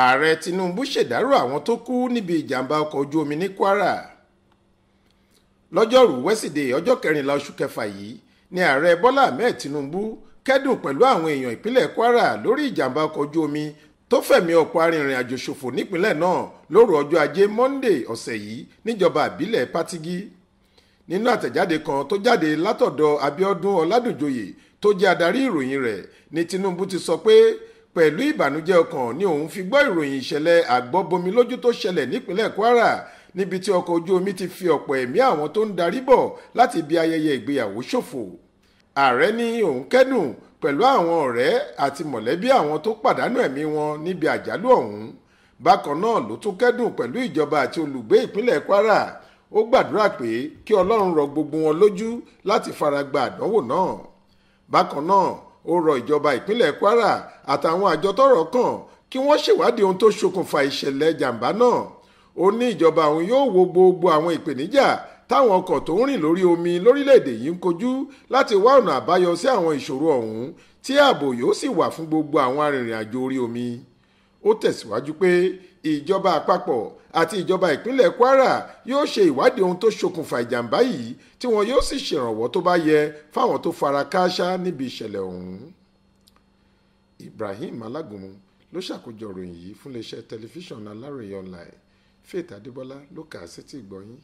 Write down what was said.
ààrẹ tinubu ṣèdárò àwọn tó kú níbi ìjàmbá ọkọ̀ ojú omi ní kwara lọ́jọ́rùú wẹ́sídẹ̀ẹ́ ọjọ́ kẹrìnlá oṣù kẹfà yìí ni ààrẹ bọ́lá ahmed tinubu kẹ́dùn pẹ̀lú àwọn èèyàn ìpínlẹ̀ kwara lórí ìjàmbá ọkọ̀ ojú omi tó fẹ̀mí ọ̀pọ̀ arìnrìn àjò ṣòfò nípínlẹ̀ náà lóru ọjọ́ ajé monde ọ̀sẹ̀ yìí níjọba àbílẹ̀ patigi nínú àtẹ̀jáde kan tó jáde látọ̀dọ̀ abiodun ọládùnjoyè tó jẹ́ adarí ìròyìn rẹ̀ ni tinubu ti sọ pé pẹ̀lú ìbànújẹ́ ọkàn ni òun fi gbọ́ ìròyìn ìṣẹ̀lẹ̀ àgbọ́bomi lójú tó ṣẹlẹ̀ nípínlẹ̀ Kwara níbi tí ọkọ̀ ojú omi ti fi ọ̀pọ̀ ẹ̀mí àwọn tó ń darí bọ̀ láti ibi ayẹyẹ ìgbéyàwó ṣòfò ààrẹ ní òun kẹ́dùn pẹ̀lú àwọn ọ̀rẹ́ àti mọ̀lẹ́bí àwọn tó pàdánù ẹ̀mí wọn níbi àjálù ọ̀hún bákan náà ló tún kẹ́dùn pẹ̀lú ìjọba àti olùgbé ìpínlẹ̀ Kwara ó gbàdúrà pé kí Ọlọ́run rọ gbogbo wọn lójú láti fara gba àdánwò náà bákan náà ó rọ ìjọba ìpínlẹ̀ Kwara àtàwọn àjọ tọ́rọ̀ kàn kí wọ́n ṣèwádìí ohun tó ṣokùnfà ìṣẹ̀lẹ̀ jàǹbá náà ó ní ìjọba òun yóò wo gbogbo àwọn ìpèníjà táwọn ọkọ̀ tó ń rìn lórí omi lórílẹ̀‐èdè yìí ń kojú láti wá ọ̀nà àbáyọ sí àwọn ìṣòro ọ̀hún tí ààbò yóò sì wà fún gbogbo àwọn arìnrìn-àjò orí omi ó tẹ̀síwájú pé ìjọba àpapọ̀ àti ìjọba ìpínlẹ̀ Kwara yóò ṣe ìwádìí ohun tó ṣokùnfà ìjàmbá yìí tí wọn yóò sì ṣèrànwọ́ tó bá yẹ fáwọn tó fara kááṣá níbi ìṣẹ̀lẹ̀ ọ̀hún. Ibrahim Alágúnmu ló ṣàkójọ ìròyìn yìí fún iléeṣẹ́ tẹlifíṣàn Aláròye online Faith Adébọlá ló kà á sétí ìgbọ́yìn.